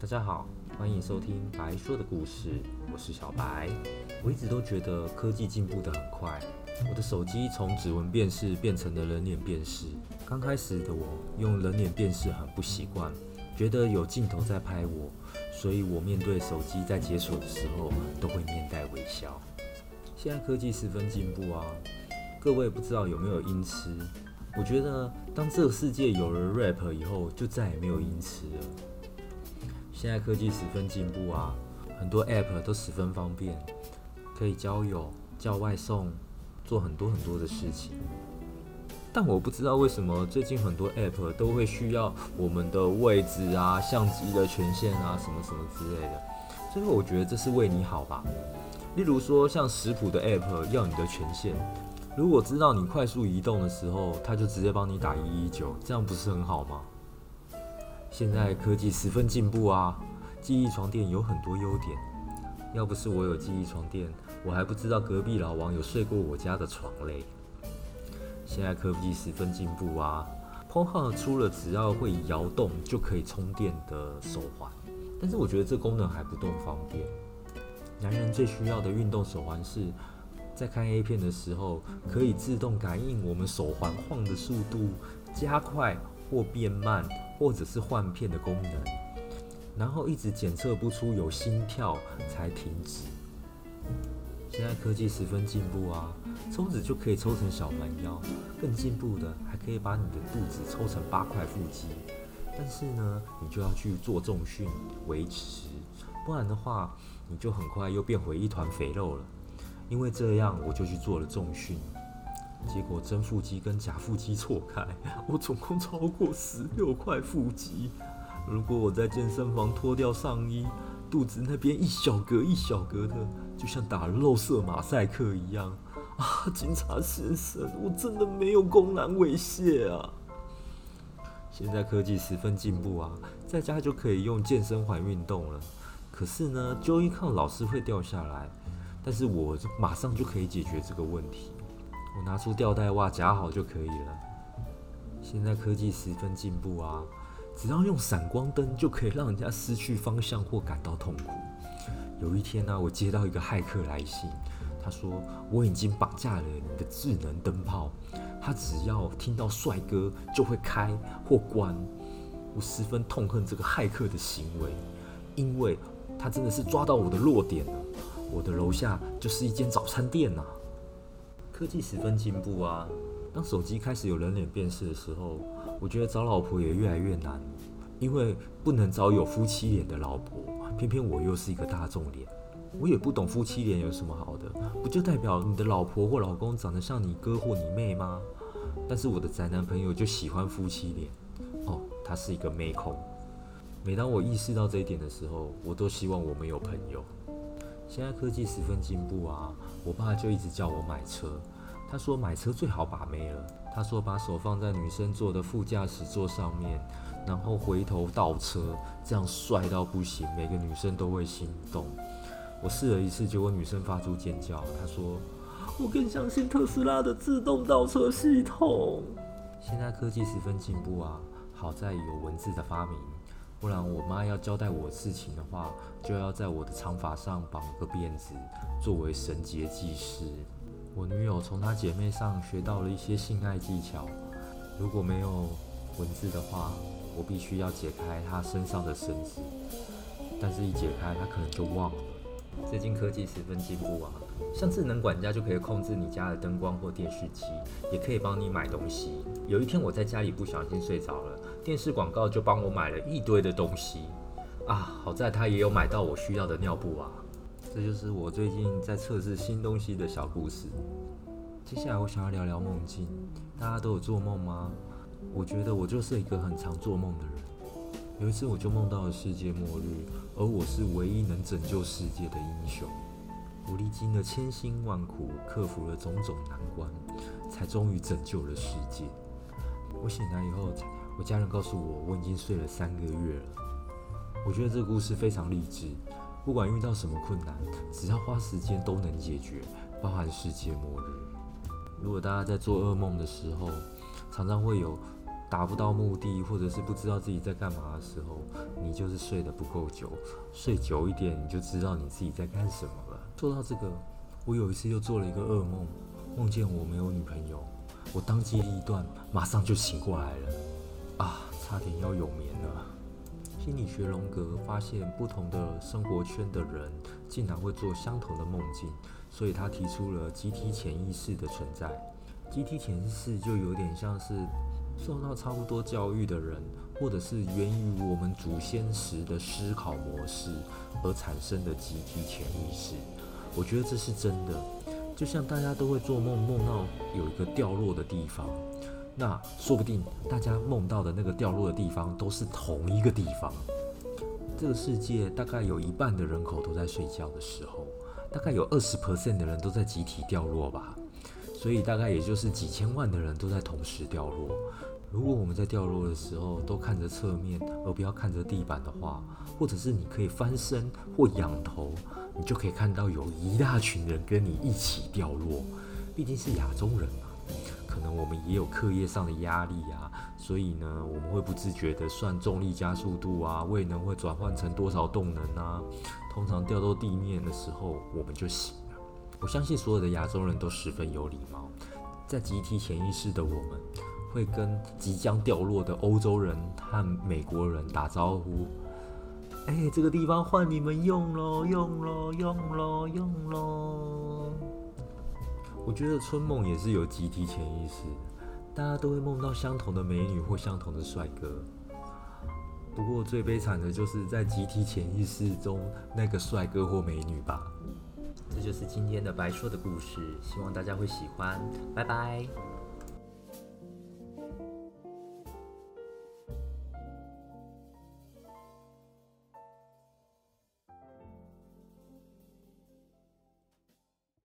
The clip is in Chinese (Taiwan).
大家好，歡迎收聽白說的故事，我是小白。我一直都覺得科技進步得很快，我的手機從指紋辨識變成了人臉辨識。剛開始的我用人臉辨識很不習慣，覺得有鏡頭在拍我，所以我面對手機在解鎖的時候都會面帶微笑。現在科技十分進步啊，各位不知道有沒有音癡？我覺得當這個世界有了 rap 以後，就再也沒有音癡了。現在科技十分進步啊，很多 app 都十分方便，可以交友、叫外送、做很多很多的事情。但我不知道為什麼最近很多 app 都會需要我們的位置啊、相機的權限啊、什麼什麼之類的。最後我覺得這是為你好吧。例如說像食譜的 app 要你的權限，如果知道你快速移動的時候，它就直接幫你打一一九，這樣不是很好嗎？現在科技十分進步啊！記憶床墊有很多優點，要不是我有記憶床墊，我還不知道隔壁老王有睡過我家的床嘞。現在科技十分進步啊，括號出了只要會搖動就可以充電的手環，但是我覺得這功能還不多方便。男人最需要的運動手環是在看 A 片的時候，可以自動感應我們手環晃的速度加快或變慢。或者是換片的功能，然後一直檢測不出有心跳才停止。嗯，現在科技十分進步啊，抽脂就可以抽成小蠻腰，更進步的還可以把你的肚子抽成八塊腹肌，但是呢，你就要去做重訓維持，不然的話你就很快又變回一團肥肉了。因為這樣，我就去做了重訓。結果真腹肌跟假腹肌錯開，我總共超過十六塊腹肌。如果我在健身房脫掉上衣，肚子那邊一小格一小格的，就像打了肉色馬賽克一樣啊！警察先生，我真的沒有公然猥褻啊！現在科技十分進步啊，在家就可以用健身環運動了。可是呢，Joy-Con 老是會掉下來，但是我馬上就可以解決這個問題。拿出吊帶襪夾好就可以了。現在科技十分進步啊，只要用閃光燈就可以讓人家失去方向或感到痛苦。有一天呢啊，我接到一個駭客來信，他說我已經綁架了你的智能燈泡，他只要聽到帥哥就會開或關。我十分痛恨這個駭客的行為，因為他真的是抓到我的弱點啊。我的樓下就是一間早餐店吶啊。科技十分進步啊！當手機開始有人臉辨識的時候，我覺得找老婆也越來越難，因為不能找有夫妻臉的老婆，偏偏我又是一個大眾臉，我也不懂夫妻臉有什麼好的，不就代表你的老婆或老公長得像你哥或你妹嗎？但是我的宅男朋友就喜歡夫妻臉，哦，他是一個妹控。每當我意識到這一點的時候，我都希望我沒有朋友。現在科技十分進步啊！我爸就一直叫我買車，他說買車最好把妹了。他說把手放在女生坐的副駕駛座上面，然後回頭倒車，這樣帥到不行，每個女生都會心動。我試了一次，結果女生發出尖叫。她說我更相信特斯拉的自動倒車系統。現在科技十分進步啊，好在有文字的發明。不然我媽要交代我事情的話，就要在我的長髮上綁個辮子，作為繩結記事。我女友從她姐妹上學到了一些性愛技巧。如果沒有文字的話，我必須要解開她身上的繩子，但是一解開她可能就忘了。最近科技十分進步啊，像智能管家就可以控制你家的燈光或電視機，也可以幫你買東西。有一天我在家裡不小心睡着了，電視廣告就幫我買了一堆的東西啊。好在它也有買到我需要的尿布啊。這就是我最近在測試新東西的小故事。接下來我想要聊聊夢境，大家都有做夢嗎？我覺得我就是一個很常做夢的人。有一次，我就夢到了世界末日，而我是唯一能拯救世界的英雄。我歷經了千辛萬苦，克服了種種難關，才終於拯救了世界。我醒來以後，我家人告訴我，我已經睡了三個月了。我覺得這個故事非常勵志，不管遇到什麼困難，只要花時間都能解決，包含世界末日。如果大家在做噩夢的時候，常常會有。達不到目的，或者是不知道自己在幹嘛的時候，你就是睡得不夠久，睡久一點，你就知道你自己在幹什麼了。做到這個，我有一次又做了一個噩夢，夢見我沒有女朋友，我當機立斷，馬上就醒過來了，啊，差點要永眠了。心理學榮格發現，不同的生活圈的人竟然會做相同的夢境，所以他提出了集體潛意識的存在。集體潛意識就有點像是。受到差不多教育的人，或者是源於我們祖先時的思考模式而產生的集體潛意識，我覺得這是真的。就像大家都會做夢，夢到有一個掉落的地方，那說不定大家夢到的那個掉落的地方都是同一個地方。這個世界大概有一半的人口都在睡覺的時候，大概有二十 percent 的人都在集體掉落吧。所以大概也就是幾千萬的人都在同時掉落。如果我們在掉落的時候都看着側面，而不要看着地板的話，或者是你可以翻身或仰頭，你就可以看到有一大群人跟你一起掉落。畢竟是亞洲人嘛、啊，可能我們也有課業上的壓力啊，所以呢，我們會不自覺地算重力加速度啊，位能會轉換成多少動能啊。通常掉到地面的時候，我們就醒。我相信所有的亞洲人都十分有禮貌，在集體潛意識的我們，會跟即將掉落的歐洲人和美國人打招呼。哎、欸，這個地方換你們用咯？用咯？用咯？用咯？用咯，用咯，用咯。我覺得春夢也是有集體潛意識，大家都會夢到相同的美女或相同的帥哥。不過最悲慘的就是在集體潛意識中，那個帥哥或美女吧。這就是今天的白說的故事，希望大家會喜歡，拜拜。